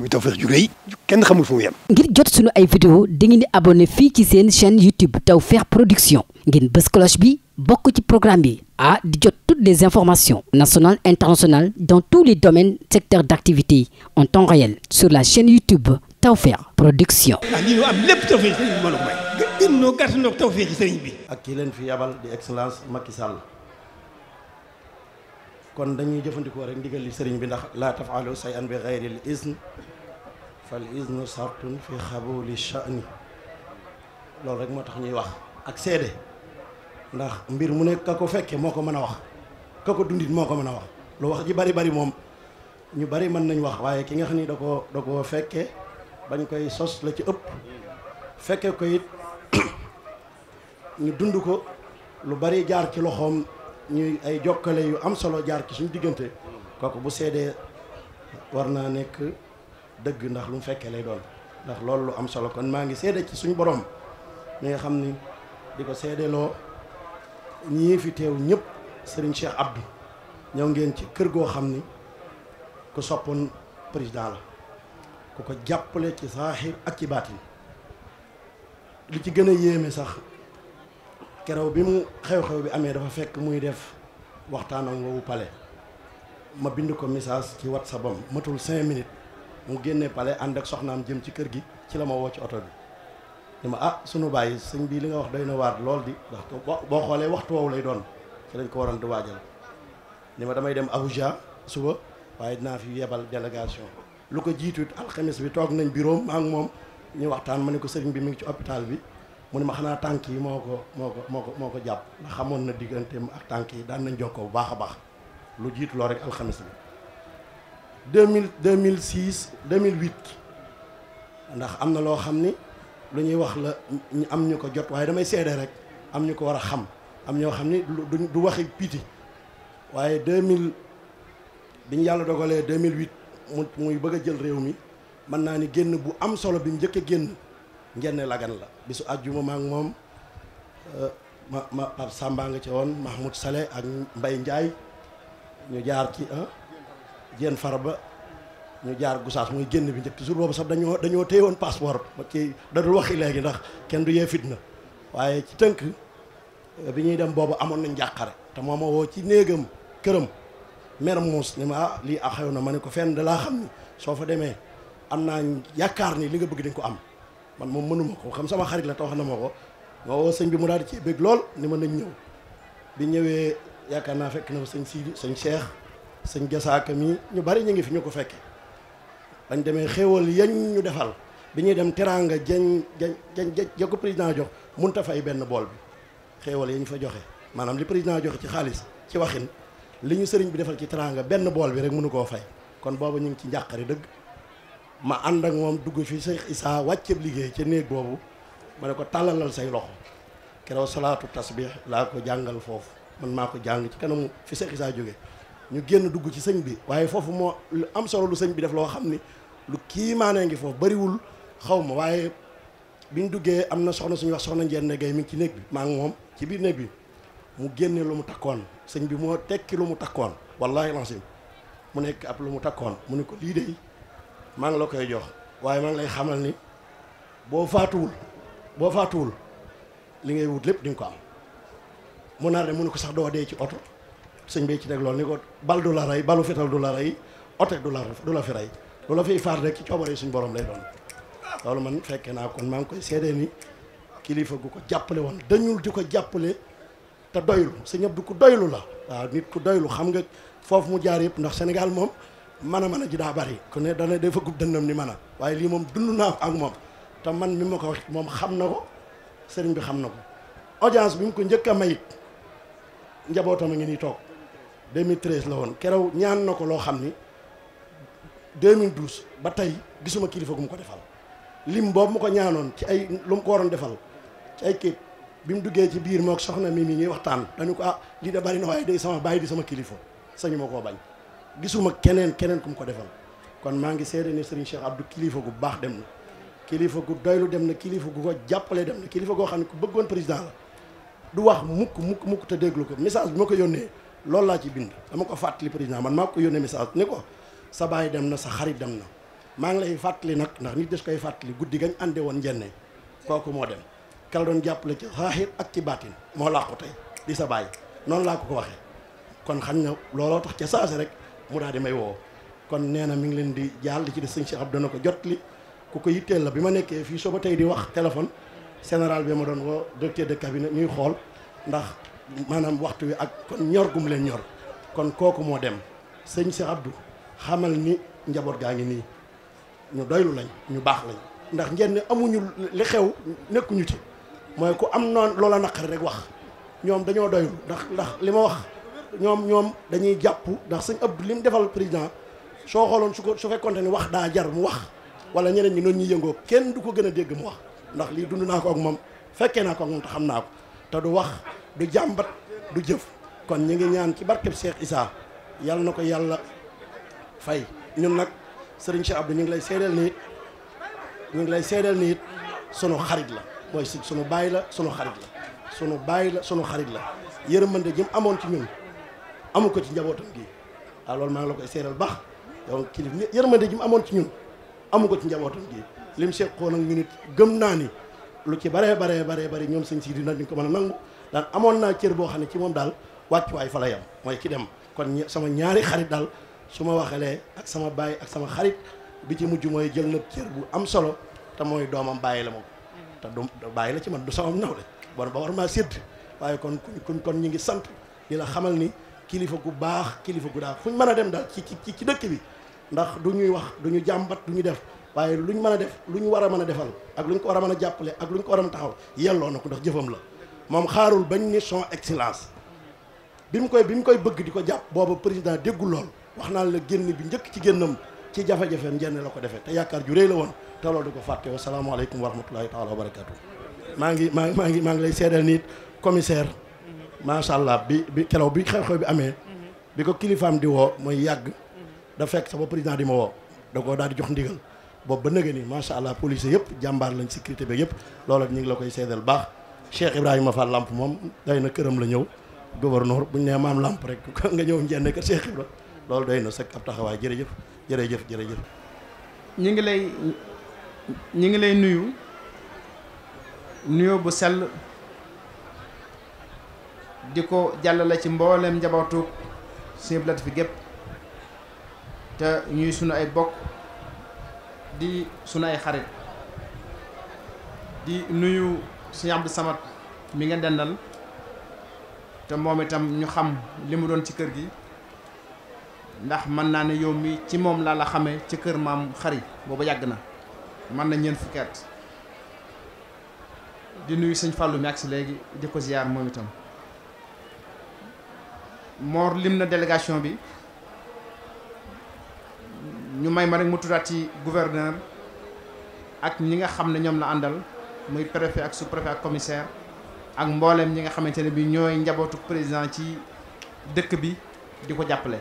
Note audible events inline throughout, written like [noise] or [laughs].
muy Tawfekh ju rëy kenn xamul ngir jot sunu ay vidéo dangeen di abonné fii ci seen chaîne YouTube Tawfekh Production ngeen bës bi bokk ci programme bi ah di jot toutes les informations nationales internationales dans tous les domaines secteurs d'activité en temps réel sur la chaîne YouTube Tawfekh Production. ah lii ñu am lépp Tawfekh sëriñ bi mën a bi. ak ki leen fi yabal di excellence Macky Sall. kon dañuy jëfandikoo rek ndigal li sëriñ bi ndax laa tafaalu say an bi xayril isn fal isnu sartun fi xabuli sha'ni loolu rek moo tax ñuy wax ak seede ndax mbir mu ne ka ko fekke moo ko mën a wax ka ko dundit moo ko mën a wax lu wax ji bari bari moom ñu bari mën nañ wax waaye ki nga xam ni da koo da koo fekke bañ koy sos la ci ëpp fekke ko it [coughs] ñu dund ko lu bari jaar ci loxoom ñuy ay jokkale yu am solo jaar ci suñu diggante kooku bu seedee war naa nekk dëgg ndax lu mu fekkee lay doon ndax loolu lu am solo kon maa ngi seede ci suñu borom mi nga xam ni di ko seedeloo ñii fi teew ñëpp sëriñ Cheikh bi ñëw ngeen ci kër goo xam ni ku soppoon président la ku ko jàppale ci saaxir ak ci baatin li ci gën a yéeme sax keroog bi mu xew-xew bi amee dafa fekk muy def waxtaanam woowu pale ma bind ko message ci whatsapp am matul cinq minutes mu génnee pale ànd ak soxnaam jëm ci kër gi ci la ma woo ci oto bi ni ma ah sunu bàyyi sëñ bii li nga wax day na waar lool di ndax boo xoolee waxtu woowu lay doon ci lañ ko waroon di waajal ni ma damay dem Abuja suba waaye dinaa fi yebal délégation lu ko jiitu alxames bi toog nañ buroom maa ngi moom ñu waxtaan ma ne ko sëriñ bi mu ngi ci hôpital bi mu ne ma xanaa tànk yi moo ko moo ko moo ko moo ko jàpp ndax xamoon na digganteem ak tànk yi daan nañ jokkoo bu baax baax lu jiitu loo rek alxames bi 2000 2006 2008 ndax am na loo xam ni lu ñuy wax la am ñu ko jot waaye damay seede rek am ñu ko war a xam am ñoo xam ni du du waxi piti waaye 2000 bi ñu yàlla dogalee 2008 mu muy bëgg a jël réew mi mën naa ni génn bu am solo bi mu njëkk a génn. jenn lagan la bisu àjjuma ma ak moom euh, ma ma Pape Samba nga ca woon Mahmoud Saleh ak mbay njaay ñu jaar ci far ba ñu jaar Gossas muy génn bi njëkk jour boobu sax dañoo dañoo téye woon passeport ci dadul waxi léegi ndax kenn du yee fitna waaye ci tënk euh, bi ñuy dem boobu amoon nañ njàqare te moo ma woo ci néegam këram mer muus ni ma ah lii a xew na ma ne ko fenn da laa xam ni soo fa demee am naa yaakaar ni li nga bëgg dañ ko am man moom mënuma ko xam sama xarit la te wax na ma ko ma woo sëñ bi mu daal di ci bëgg lool ni ma nañ ñëw bi ñëwee yaakaar naa fekk na fa sëñ Sidi sëñ Cheikh sëñ Gasaaka mi ñu bari ñu ngi fi ñu ko fekke bañ demee xéewal yañ ñu defal bi ñuy dem teraanga jañ jañ jañ ja ko président jox mun ta fay benn bool bi xéewal yañ fa joxe maanaam li président joxe ci xaalis ci waxin li ñu sëriñ bi defal ci teraanga benn bool bi rek mënu koo fay kon booba ñu ngi ci njàqare dëgg ma ànd ak moom dugg fi Cheikh Issa wàcceeb liggéey ca néeg boobu ma ne ko tàllalal say loxo keroog salaatu tasbih laa ko jàngal foofu man maa ko jàng ci kanamu fi Cheikh Issa jóge ñu génn dugg ci sëñ bi waaye foofu moo lu am solo lu sëñ bi def loo xam ni lu kii maanee ngi foofu bariwul xaw ma waaye biñ duggee am na soxna suñu wax soxna njenne gay mi ngi ci néeg bi maa ngi moom ci biir néeg bi mu génne lu mu takkoon sëñ bi moo tekki lu mu takkoon wallaahi lancim mu nekk ab lu mu takkoon mu ne ko lii maa ngi la koy jox waaye maa ngi lay xamal ni boo faatuwul boo faatuwul li ngay wut lépp di ko am mun naa de mënu ko sax doo dee ci oto sëñ bi ci teg lool ni ko bal du la rey balu fetal du la rey oto du la du fi rey lu la fiy faat rek ci coobare suñ borom lay doon loolu man fekkee naa kon maa ngi koy seedee ni kilifa gu ko jàppale woon dañul di ko jàppale te doylu sëñ Abdu ku doylu la waaw nit ku doylu xam nga foofu mu jaar yëpp ndax Sénégal moom mën a mën a ji daa bari ku ne dana day fëggub dënnam ni mën a waaye lii moom dund naa ak moom te man mi ma ko wax moom xam na ko sëriñ bi xam na ko audience bi mu ko njëkk a mayit njabootam a ngi nii toog 2013 la woon keroog ñaan na ko loo xam ni 2012 ba tey gisuma kilifa gu mu ko defal lim boobu mu ko ñaanoon ci ay lu mu ko waroon defal ci ay képp bi mu duggee ci biir moo soxna mii mii ñuy waxtaan dañu ko ah lii da bari na waaye de sama bàyyi di sama kilifa sañu ma koo bañ gisuma keneen keneen ku mu ko defal kon maa ngi seede ni Serigne Cheikh Abdou kilifa gu baax dem na kilifa gu doylu dem na kilifa gu ko jàppalee dem na kilifa goo xam ne ku bëggoon président la du wax mukk mukk mukk te déglu ko message bi ma ko yónnee loolu laa ci bind dama ko fàttali président man maa ko yónnee message ni ko sa baay dem na sa xarit dem na maa ngi lay fàttali nag ndax nit des koy fàttali guddi gañ ànde woon njenne kooku moo dem kala doon jàppale ci xaaxir ak ci baatin moo làqu tey di sa baay noonu laa ko ko waxee kon xam na looloo tax ca saase rek mu daal di may woo kon nee na mi ngi leen di jaal di ci des sëñ Cheikh Abdou dana ko jot li ku ko yitteel la bi ma nekkee fii soo ba tey di wax téléphone général bi ma doon woo directeur de cabinet ñuy xool ndax maanaam waxtu wi ak kon ñor gum leen ñor kon kooku moo dem sëñ Cheikh Abdou xamal ni njaboot gaa ngi nii ñu doylu lañ ñu baax lañ ndax njëriñ amuñu li xew nekkuñu ci mooy ku am noon loola naqari rek wax ñoom dañoo doylu ndax ndax li ma wax ñoom ñoom dañuy jàpp ndax sëñ ëpp li mu defal président soo xooloon su ko su fekkoonte ni wax daa jar mu wax wala ñeneen ñi noonu ñuy yëngoo kenn du ko gën a dégg mu wax ndax lii dund naa ko ak moom fekkee naa ko ak moom te xam naa ko te du wax du jàmbat du jëf kon ñu ngi ñaan ci barkeb seex isaa yàlla na ko yàlla fay ñun nag sëriñ Cheikh Abdou ñu ngi lay seedeel ni ñu ngi lay seedeel ni it sunu xarit la mooy si sunu bàyyi la sunu xarit la sunu bàyyi la sunu xarit la yërmande jëm amoon ci ñun amu ko ci njabootam gi waaw loolu maa ngi la koy seeral baax donc kilif yërmande ji mu amoon ci ñun amu ko ci njabootam gi lim seqoon ak ñu nit gëm naa ni lu ci baree baree baree bari ñoom sañ sii di nag dinañ ko mën a nangu daan amoon naa cër boo xam ne ci moom daal wàccuwaay fa la yam mooy ci dem kon sama ñaari xarit daal su ma waxalee ak sama baay ak sama xarit bi ci mujj mooy jël nag cër bu am solo te mooy doomam bàyyi la moom te du bàyyi la ci man du sama nawle bon waaye kon kon kon ñi ngi sant di la xamal ni kilifa gu baax kilifa gu daal fu ñu mën a dem daal ci ci ci dëkk bi ndax du ñuy wax du ñu jàmbat du ñu def waaye luñ mën a def lu ñu war a mën a defal ak luñ ko war a mën a jàppale ak ñu ko war a mën a taxaw yelloo na ko ndax jëfam la moom xaarul bañ ni son excellence bi mu koy bi mu koy bëgg di ko jàpp booba président déggul lool wax naa la génn bi njëkk ci génnam ci jafe-jafeem njenn la ko defee te yaakaar ju réy la woon te loolu di ko fàtte wasalaamaaleykum wa rahmatullahi taala wa barakatu maa ngi maa maa ngi maa ngi lay seedal nit commissaire macha allah bi bi keroog bi xew-xew bi amee. bi ko kilifaam di woo mooy yàgg. da fekk ba président di ma woo. da koo daal di jox ndigal boobu ba nëgë ni macha allah police yëpp jàmbaar lañ sécurité bi yëpp loolu ñu ngi la koy seedal baax Cheikh Ibrahima fa Lamp moom day na këram la ñëw. gouverneur bu ñu nee maam lamp rek [laughs] nga ñëw njënd ka Cheikh Ibra loolu doy na sëkk ab taxawaay jërëjëf jërëjëf jërëjëf. ñu ngi lay ñu ngi lay nuyu nuyoo bu sel di ko jàllale ci mbooleem njabootu Sëñ Lat fi gépp te ñuy sunu ay bokk di sunu ay xarit di nuyu Sëñ Abdou Samad mi nga dendal te moom itam ñu xam li mu doon ci kër gi ndax mën naa ne yow mi ci moom laa la xamee ci kër maam xarit boobu yàgg na mën na ñeent fukki at di nuyu sëñ Fallou mi ak si léegi di ko ziyaar moom itam Mor lim na délégation bi ñu may ma rek mu tuddaat ci gouverneur ak ñi nga xam ne ñoom la àndal muy préfet ak sous-préfet ak commissaire ak mbooleem ñi nga xamante ne bi ñooy njabootu président ci dëkk bi di ko jàppale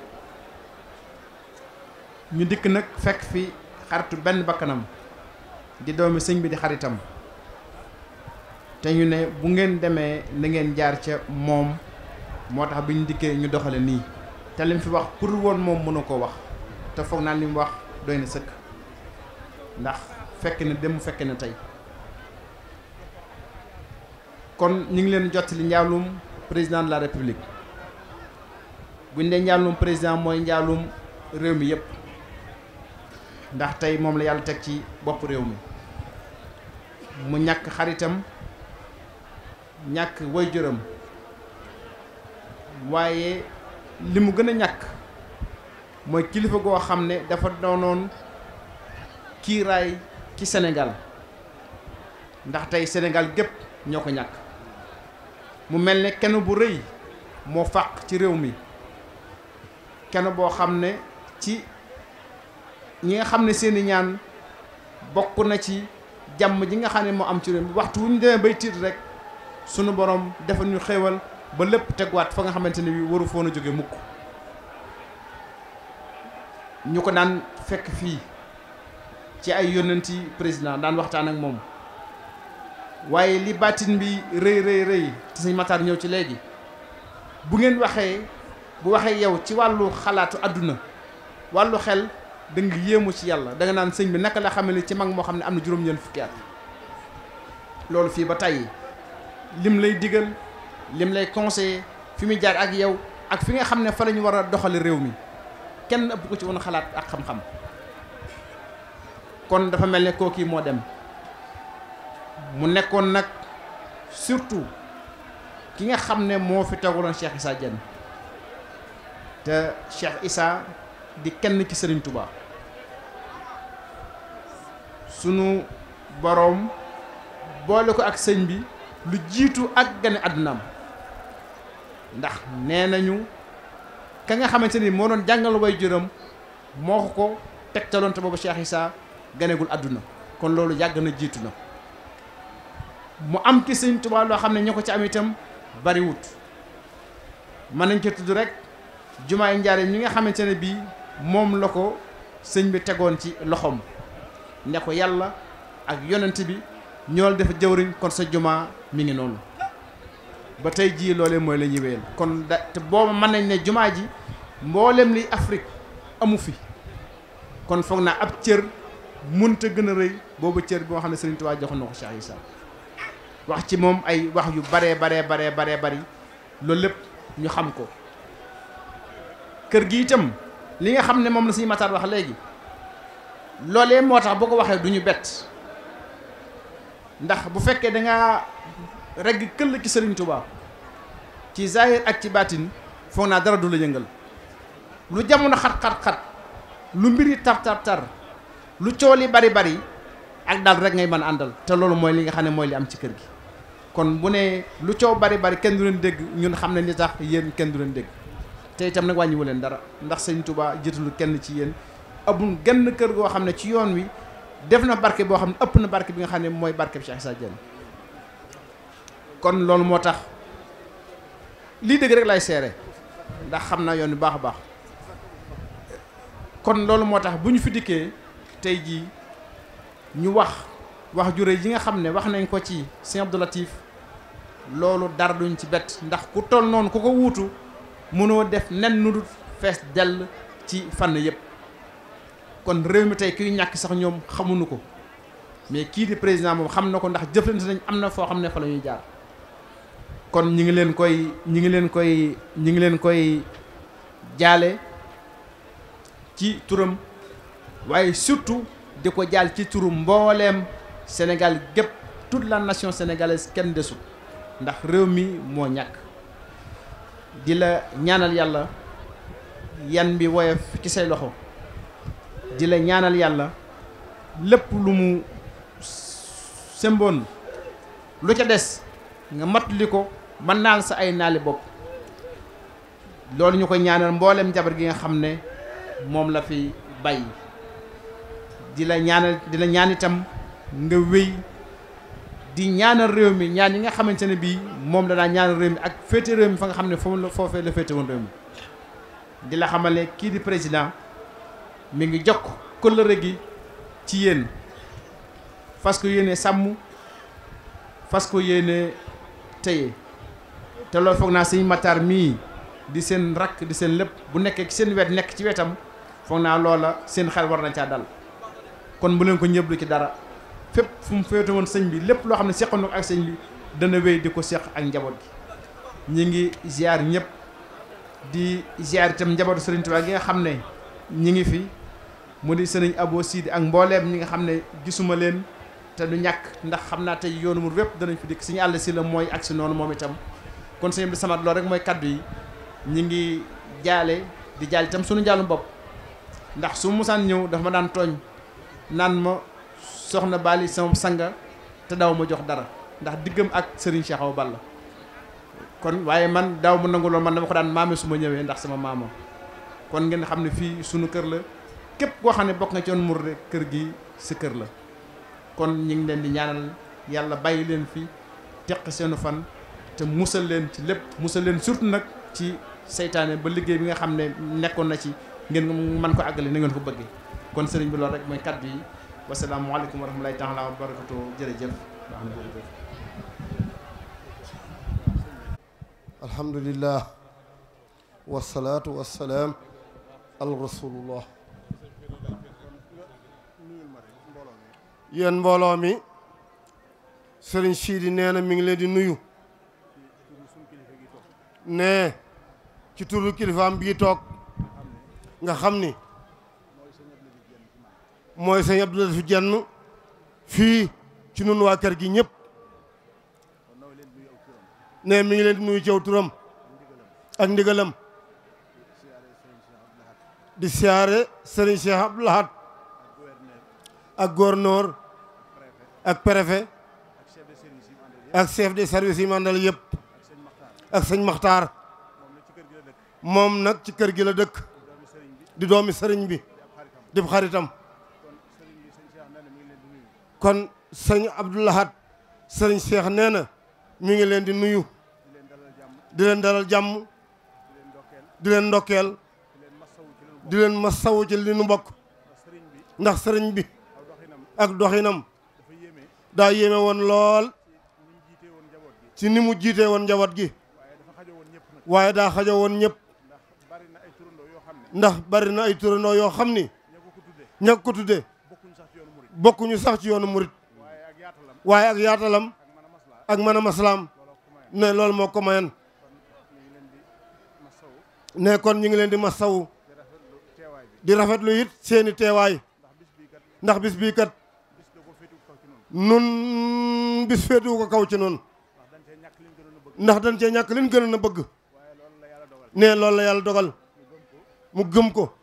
ñu dikk nag fekk fi xaritu benn bakkanam di doomi sëñ bi di xaritam te ñu ne bu ngeen demee na ngeen jaar ca moom moo tax bi ñu dikkee ñu doxale nii te lim fi wax pour woon moom mën a ko wax te foog naa li mu wax doy na sëkk ndax fekk na dem fekk na tey kon ñu ngi leen jot li njaalum président la république bu ñu dee njaalum président mooy njaalum réew mi yëpp ndax tey moom la yàlla teg ci bopp réew mi mu ñàkk xaritam ñàkk woy waajuram waaye li mu gën a ñàkk mooy kilifa goo xam ne dafa doonoon kiiraay ci senegal ndax tey senegal gépp ñoo ko ñàkk mu mel ne kenn bu rëy moo fàq ci réew mi kenn boo xam ne ci ñi nga xam ne seeni ñaan bokk na ci jàmm ji nga xam ne moo am ci réew mi waxtu wu ñu demee bay tiit rek sunu borom defal ñu xéewal ba lépp teguwaat fa nga xamante ne bi waru foon a jóge mukk ñu ko daan fekk fii ci ay yónnanti président daan waxtaan ak moom waaye li baatin bi rëy rëy rëy te sëñ Matar ñëw ci léegi bu ngeen waxee bu waxee yow ci wàllu xalaatu àdduna wàllu xel da nga yéemu ci yàlla danga nga naan sëñ bi naka la xamee ni ci mag moo xam ne am na juróom-ñeent fukki loolu fii ba tey lim lay digal lim lay conseiller fi muy jaar ak yow ak fi nga xam ne fa la ñu war a doxale réew mi kenn ëpp ko ci woon xalaat ak xam-xam kon dafa mel ne kooku moo dem mu nekkoon nag surtout ki nga xam ne moo fi teguloon Cheikh Issa Diène te Cheikh Issa di kenn ci Serigne Touba sunu boroom boole ko ak sëñ bi lu jiitu ak gane àddunaam ndax nee nañu ka nga xamante ni moo doon jàngal way juróom moo ko ko tegtaloon te boobu Cheikh Issa ganegul àdduna kon loolu yàgg na jiitu na mu am ci Sëñ Tuubaa loo xam ne ñoo ko ci am itam bariwut mën nañ ko tudd rek jumaay njaareem ñi nga xamante ne bii moom la ko sëñ bi tegoon ci loxoom ne ko yàlla ak yonent bi ñool dafa jëwriñ kon sa jumaa mi ngi noonu ba tey jii loolee mooy la ñuy wéyal kon da te booba mën nañ ne jumaa ji mbooleem li Afrique amu fi kon foog naa ab cër munta gën a rëy boobu cër boo xam ne Sëriñ Tuubaa joxoon na ko Cheikh Issa wax ci moom ay wax yu baree baree baree baree bari loolu lépp ñu xam ko kër gi itam li nga xam ne moom la suñu mataar wax léegi loolee moo tax boo ko waxee du ñu bett ndax bu fekkee da regg këll ci Serigne Touba ci zahir ak ci baatin foog naa dara du la yëngal lu jamono xat-xat-xat lu mbiri tar-tar-tar lu coow li bari bari ak daal rek ngay mën àndal te loolu mooy li nga xam ne mooy li am ci kër gi kon bu nee lu coow bari bari kenn du leen dégg ñun xam ne li tax yéen kenn du leen dégg te itam nag wàññiwu leen dara ndax Serigne Touba jëtalu kenn ci yéen abul genn kër goo xam ne ci yoon wi def na barke boo xam ne ëpp na barke bi nga xam ne mooy barke bi Sa Diène kon loolu moo tax lii dëgg rek lay seere ndax xam naa yoon bu baax a baax kon loolu moo tax bu ñu fi dikkee tey jii ñu wax wax jure yi nga xam ne wax nañ ko ci Sëñ Abdou Latif loolu dara duñ ci bett ndax ku toll noonu ku ko wuutu mënoo def nen nu dul fees dell ci fànn yëpp kon réew mi tey kiy ñàkk sax ñoom xamuñu ko mais kii di président moom xam na ko ndax jëflante nañ am na foo xam ne fa la ñuy jaar kon ñi ngi leen koy ñi ngi leen koy ñi ngi leen koy jaale ci turam waaye surtout di ko jaal ci turu mbooleem Sénégal gépp toute la nation sénégalaise kenn desul ndax réew mi moo ñàkk di la ñaanal yàlla yan bi woyof ci say loxo di la ñaanal yàlla lépp lu mu semboon lu ca des nga matali ko ba naal sa ay naali bopp loolu ñu koy ñaanal mbooleem jabar gi nga xam ne moom la fi bàyyi di la ñaanal di la ñaan itam nga wéy di ñaanal réew mi ñaan yi nga xamante ne bii moom la daa ñaanal réew mi ak féete réew mi fa nga xam ne foofu la foofee la féete woon réew mi di la xamale kii di président mi ngi jokk kóllëre gi ci yéen fas ko yéene sàmm fas ko yéene téye te loolu foog naa sëñ Matar mii di seen rakk di seen lépp bu nekkee ci seen wet nekk ci wetam foog naa loola seen xel war na caa dal kon mu leen ko ñëblu ci dara fépp fu mu féete woon sëñ bi lépp loo xam ne seqoon ak sëñ bi dana wéy di ko seq ak njaboot gi ñu ngi ziar ñëpp di ziar itam njabootu sëriñ Tuubaa gi nga xam ne ñi ngi fi mu di sëriñ Abo Sidi ak mbooleem ñi nga xam ne gisuma leen te du ñàkk ndax xam naa tey yoonu mu wépp danañ fi dikk suñu àll si la mooy ak si noonu moom itam kon sëñ Abdou Samad loolu mooy kaddu yi ñi ngi jaale di jaal itam suñu njaalum bopp ndax su musaan ñëw dafa ma daan tooñ naan ma soxna Bali sama sanga te daaw ma jox dara ndax diggam ak Serigne Cheikh Awa Balla kon waaye man daaw mu nangu loolu man dama ko daan maame su ma ñëwee ndax sama maama kon ngeen xam ne fii sunu kër la képp koo xam ne bokk nga ci yoon mur kër gi si kër la kon ñu ngi leen di ñaanal yàlla bàyyi leen fi teq seenu fan te musal leen ci lépp musal leen surtout nag ci seytaane ba liggéey bi nga xam ne nekkoon na ci ngeen mën ko àggale na ngeen ko bëggee kon sëriñ bi loolu rek mooy kaddu yi wasalaamualeykum wa rahmatulahi taala wa barakatu jërëjëf waa jërëjëf alhamdulillah wasalaatu wasalaam al rasulullah yéen mbooloo mi sëriñ Sidi nee na mi ngi leen di nuyu ne ci turu kilifaam bii toog nga xam ni mooy sëñ Abdou Latif Diène fii ci nun waa kër gi ñëpp ne mi ngi leen di nuyu ci turam ak ndigalam di sëriñ Cheikh Abdou Lahat ak gouverneur ak préfet ak chef de service yi mandal yëpp ak sëñ Maxtaar moom nag ci kër gi la dëkk di doomi sëriñ bi di xaritam kon sëñ Abdoulahat sëriñ Seex nee na mi ngi leen di nuyu di leen dalal jàmm di leen ndokkeel di leen masawu ci li nu bokk ndax sëriñ bi ak doxinam daa yéeme woon lool ci ni mu jiite woon njaboot gi waaye daa xajo woon ñëpp ndax bari na ay turandoo yoo xam ni ña ko tudde bokkuñu sax ci yoonu murit waaye ak yaatalam ak mën a maslaam ne lool moo ko mayan ne kon ñu ngi leen di masawu di rafetlu it seeni teewaay ndax bis bii kat nun bis féetu ko kaw ci noonu ndax dañ cee ñàkk liñ gënoon na bëgg nee loolu la yàlla dogal mu gëm ko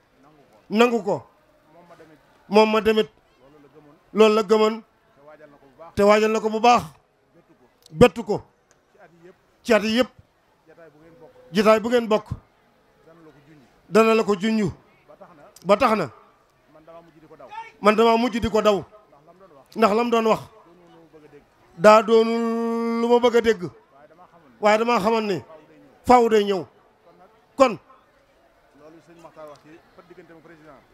nangu ko moom ma demit loolu la gëmoon te waajal na ko bu baax bettu ko ci at yi yëpp jitaay bu ngeen bokk dana la ko junju ba tax na man dama mujj di ko daw ndax lam doon wax daa doonul lu ma bëgg a dégg waaye damaa xamoon ne faaw day ñëw kon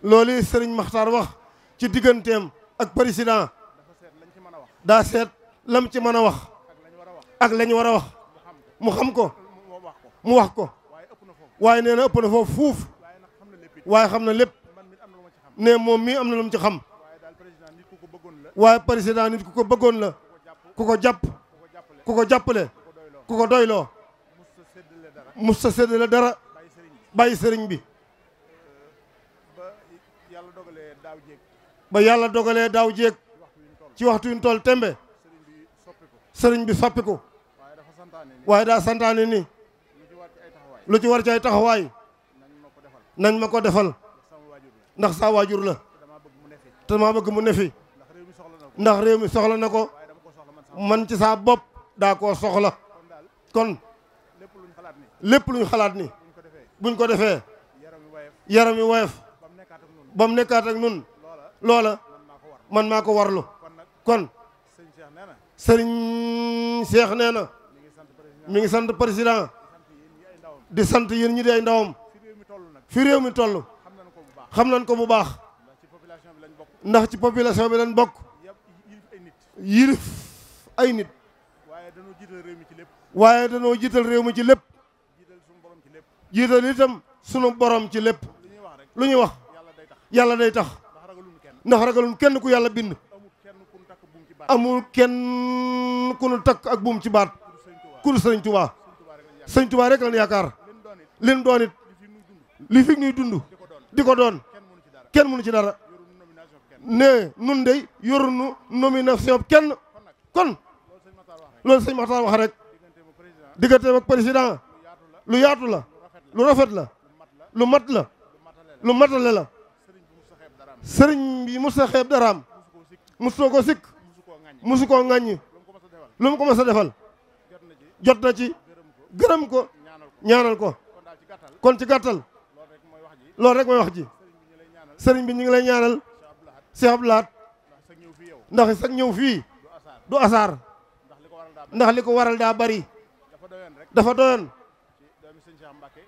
loolu sëriñ Maxtaar wax ci digganteem ak président daa seet lam ci mën a wax ak lañ war a wax mu xam ko mu wax ko waaye nee na ëpp na foofu fuuf waaye xam na lépp ne moom mii am na lu mu ci xam waaye président nit ku ko bëggoon la ku ko jàpp ku ko jàppale ku ko doyloo mus sa séddale dara bàyyi sëriñ bi ba yàlla dogalee daaw jéeg ci waxtu yu ñu toll tembe sëriñ bi soppiku waaye daa santaane ni lu ci war ci ay taxawaay nañ ma ko defal ndax saa waajur la te maa bëgg mu ne fi ndax réew mi soxla na ko man ci saa bopp daa koo soxla kon lépp luñ xalaat ni buñ ko defee yaram wi woyof ba mu nekkaat ak nun loola man maa ko warlu kon sëriñ Cheikh nee na mi ngi sant président di sant yéen ñi di ay ndawam fi réew mi toll xam nañ ko bu baax ndax ci population bi lañ bokk yilif ay nit. waaye danoo jiital réew mi ci lépp. waaye danoo jiital réew mi ci lépp. jiital sunu borom ci lépp. jiital itam sunu borom ci lépp. lu ñuy wax yàlla day tax. ndax ragalun kenn ku yàlla bind. amul kenn ku nu takk ak buum ci baat. ku dul sëriñ Tuubaa. sëriñ Tuubaa rek lan yaakaar. leen doon it li fi nuy dund. di ko doon kenn mënu ci dara. ne nun dey na nomination kenn kon loolu sëñ Makhtar wax rek digganteem ak président lu yaatu la lu rafet la lu mat la lu matale la sëriñ bi musa xeeb daraam musoo ko sikk musu koo ŋàññi lu mu ko mas a defal jot na ci gërëm ko ñaanal ko kon ci gàttal loolu rek mooy wax ji sëriñ bi ñu ngi lay ñaanal Cheikh Abdou Lahad ndax sax ñëw fii du asaar ndax li ko waral daa bari dafa doyoon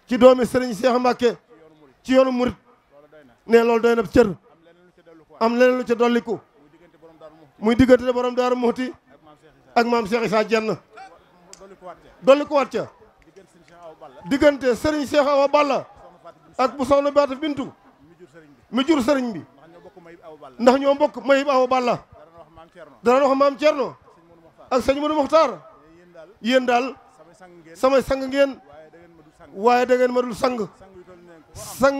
ci doomi Serigne Cheikh Mbacke ci yoonu murit nee loolu doy na cër am leneen lu ca dolliku muy diggante borom Daaru Muxti ak maam Cheikh Issa Dieng dollikuwaat ca diggante Serigne Cheikh wa Balla ak bu soxna Baata Bintu mi jur Serigne bi ndax ñoo mbokk bokk Mayib Awa Balla dana wax maam Thierno ak sëñ Modou Mokhtar yéen daal samay sang ngeen waaye da ngeen ma dul sang sang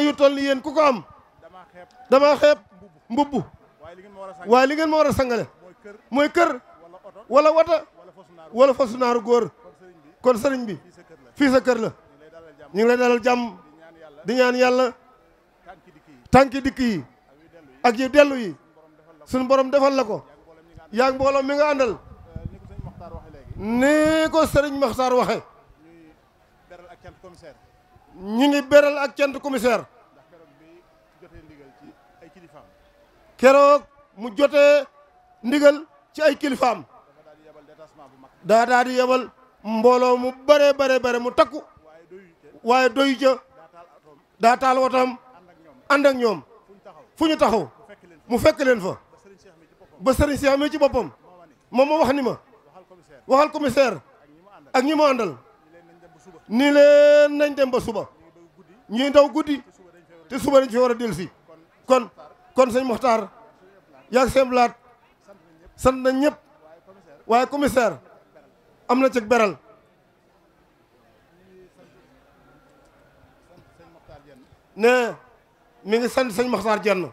yu toll ni yéen ku ko am dama xeeb mbubb waaye li ngeen ma war a sangale mooy kër wala wata wala fasu naaru góor kon sëriñ bi fii sa kër la ñu ngi lay dalal jàmm di ñaan yàlla tànki dikk yi ak yu dellu yi suñu borom defal la ko yaa ngi mbooloo mi nga àndal ni ko sëriñ Maxtaar waxe ñi ngi beral ak cant commissaire keroog mu jotee ndigal ci ay kilifaam daa daa di yebal mbooloo mu bare bare bare mu takku waaye doyu ca daa taal wotoom ànd ak ñoom fu ñu taxaw mu fekk leen fa ba sëriñ Cheikh mi ci boppam moom ma wax ni ma waxal commissaire ak ñi mu àndal ni leen nañ dem ba suba ñuy daw guddi te suba dañ fi war a dellusi kon kon sëñ Moxtaar yaag seen blaat sant nañ ñëpp waaye commissaire am na ci beral ne mi ngi sant sëñ Maxtaar Jenn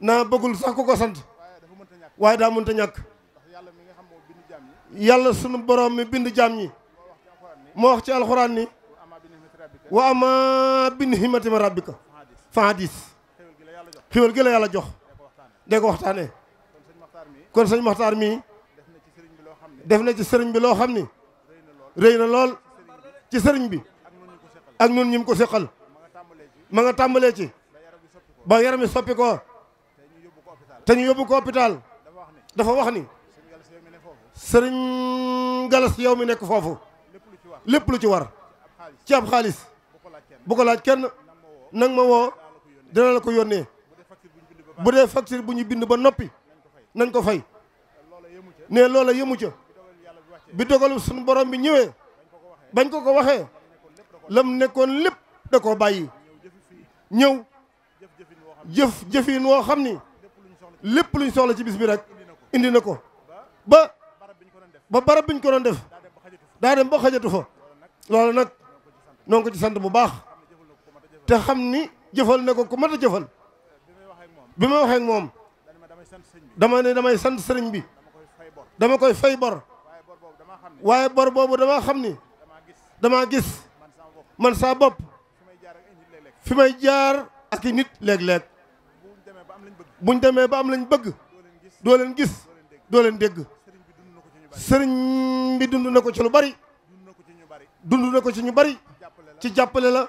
naa bëggul sax ku ko sant waaye daa mënta ñàkk yàlla sunu borom mi bind jaam ñi moo wax ci alxuraan ni wa ama bin himati ma rabbika fa hadis xéwal gi la yàlla jox de ko waxtaanee kon sëñ Maxtaar mii def na ci sëriñ bi loo xam ni rëy na lool ci sëriñ bi ak nun ñi mu ko seqal ma nga tàmbalee ci ba yaram bi soppi ko te ñu yóbbu ko hôpital dafa wax ni sëriñ galas yow mi nekk foofu lépp lu ci war ci ab xaalis bu ko laaj kenn nang ma woo dina la ko yónnee bu dee facture bu ñu bind ba noppi nañ ko fay ne loola yëmu ca bi dogalu suñu borom bi ñëwee bañ ko ko waxee la mu nekkoon lépp da koo bàyyi ñëw jëf jëfin woo xam ni lépp luñ soxla ci bis bi rek indi na ko ba ba barab biñ ko doon def daa dem ba xajatu fa loolu nag noo ngi ko ci sant bu baax te xam ni jëfal na ko ku mat a jëfal bi ma waxee ak moom dama ne damay sant sëriñ bi dama koy fay bor waaye bor boobu dama xam ni damaa gis man saa bopp fi may jaar ak i nit léeg-léeg buñ demee ba am lañ bëgg doo leen gis doo leen dégg sëriñ bi dund na ko ci lu bari dund na ko ci ñu bari ci jàppale la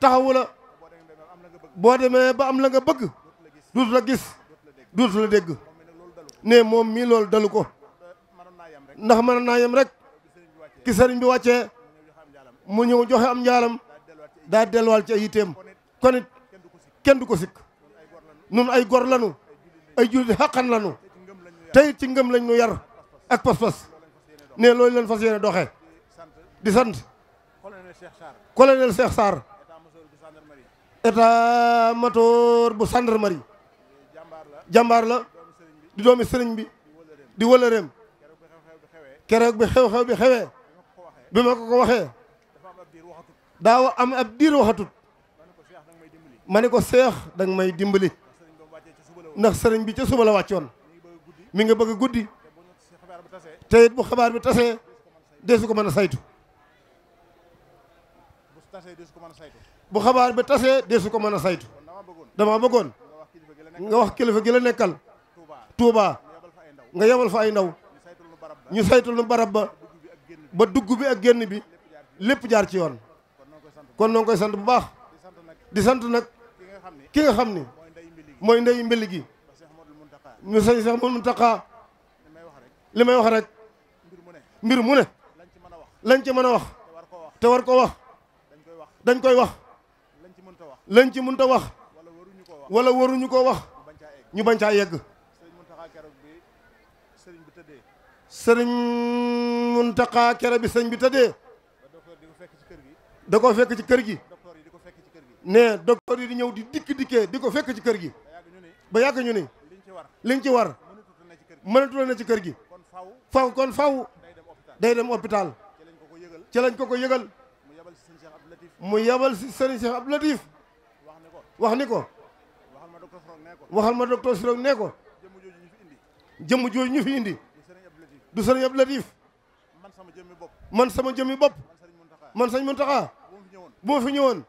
taxawu la boo demee ba am la nga bëgg duutu la gis duutu la dégg ne moom mii loolu dalu ko ndax mën naa yem rek ki sëriñ bi wàccee mu ñëw joxe am njaalam daa delluwaal ci ay yitteem kon it kenn du ko sikk nun ay gor lanu ay jullit xaqan lanu te it ci ngëm lañ nu yar ak pas-pas ne loolu leen fas yéene doxee di sant colonel Cheikh Sarr état matoor bu gendarmerie jàmbaar la di doomi sëriñ bi di wëlëreem keroog bi xew-xew bi xewee bi ma ko ko waxee daaw am ab diir waxatut ma ne ko seex danga may dimbali ndax sëriñ bi ca suba la wàccoon mi nga bëgg a guddi te it bu xabaar bi tasee deesu ko mën a saytu bu xabaar bi tasee deesu ko mën a saytu dama bëggoon nga wax kilifa gi la nekkal Touba nga yebal fa ay ndaw ñu saytul la barab ba ba dugg bi ak génn bi lépp jaar ci yoon kon noo ngi koy sant bu baax di sant nag ki nga xam ni mooy ndeyu mbëll gi ñu sañ sax moom Muntaqa li may wax rek mbir mu ne lañ ci mën a wax te war koo wax dañ koy wax lañ ci mënta wax wala waruñu koo wax ñu bañ caa yegg sëriñ Muntaqa kere bi sëriñ bi tëddee da koo fekk ci kër gi ne docteur yi di ñëw di dikk dikkee di ko fekk ci kër gi ba yàgg ñu ni liñ ci war mënatul na ci kër gi faw kon faw day dem hôpital ci lañ ko ko yëgal mu yabal si sëriñ Cheikh Abdou Latif wax ni ko waxal ma docteur Sirog nee ko jëmm jooju ñu fi indi du sëriñ Abdou Latif man sama jëmmi bopp man sëriñ Muntaxa bu ma fi ñëwoon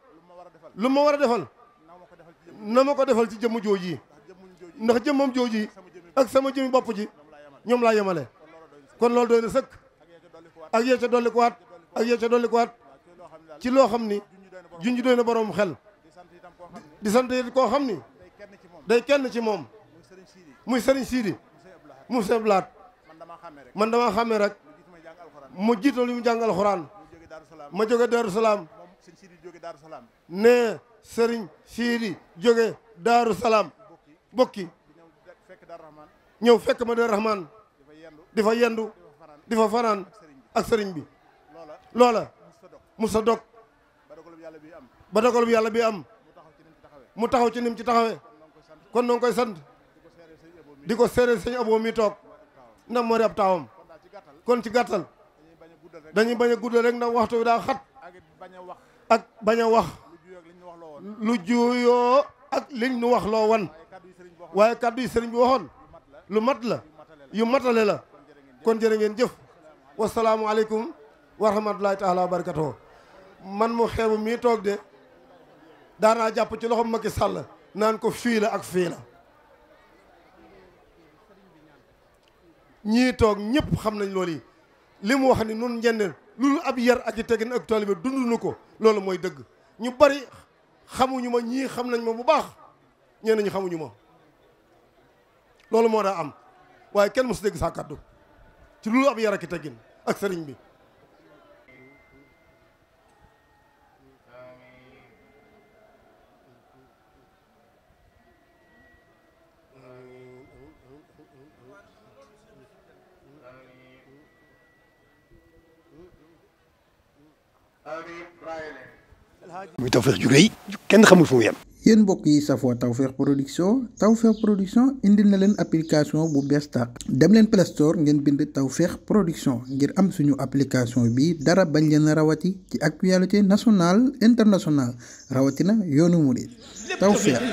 lu ma war a defal na ma ko defal ci jëmm jooj yi ndax jëmmam jooj yi ak sama jëmmi bopp ji ñoom laa yemale kon loolu doy na sëkk ak yee ca dolli ko waat ak yee ca dolli ko waat ci loo xam ni junj doy na borom xel di sant it koo xam ni day kenn ci moom muy sëriñ siidi mu seblaat man damaa xàmmee rek mu jiital li mu jàng alxuraan ma jóge Daaru sëñ Sidi jóge Daaru Salaam. nee sëriñ Sidi jóge Daaru Salaam. bokki ñëw fekk ma de Rahman. di fa yendu di fa fanaan ak sëriñ bi. loola musa dog ba dogalub yàlla bi am. mu taxaw ci nim ci taxawee. kon noo koy sant. di ko seeree sëñ aboo mi toog. ndax moo di ab taawam. kon ci gàttal. dañuy bañ a guddal rek ndax waxtu bi daa xat. ak bañ a wax ak bañ a wax lu juuyoo ak liñ nu wax loo wan waaye kàddu sëriñ bi waxoon lu mat la yu matale la kon jërë ngeen jëf wasalaamu aleykum wa rahmatullahi taala man mu xeebu mii toog de daanaa jàpp ci loxo Macky Sall naan ko fii la ak fii la ñii toog ñëpp xam nañ loolu yi li mu wax ni nun njendeen loolu ab yar ak i tegin ak taalibe dundu nu ko loolu mooy dëgg ñu bari xamuñu ma ñii xam nañ ma bu baax ñenn nañu xamuñu ma loolu moo daa am waaye kenn mësu dégg saa kàddu ci loolu ab yar ak i ak sëriñ bi tawfeex ju rëy kenn xamul fu mu yem. yéen mbokk yi safoo Tawfekh Production Tawfekh indil na leen application bu bees tàq dem leen Play Store ngeen bind Tawfekh Production ngir am suñu application bi dara bañ leen rawati ci actualité nationale internationale rawatina yoonu murid Tawfekh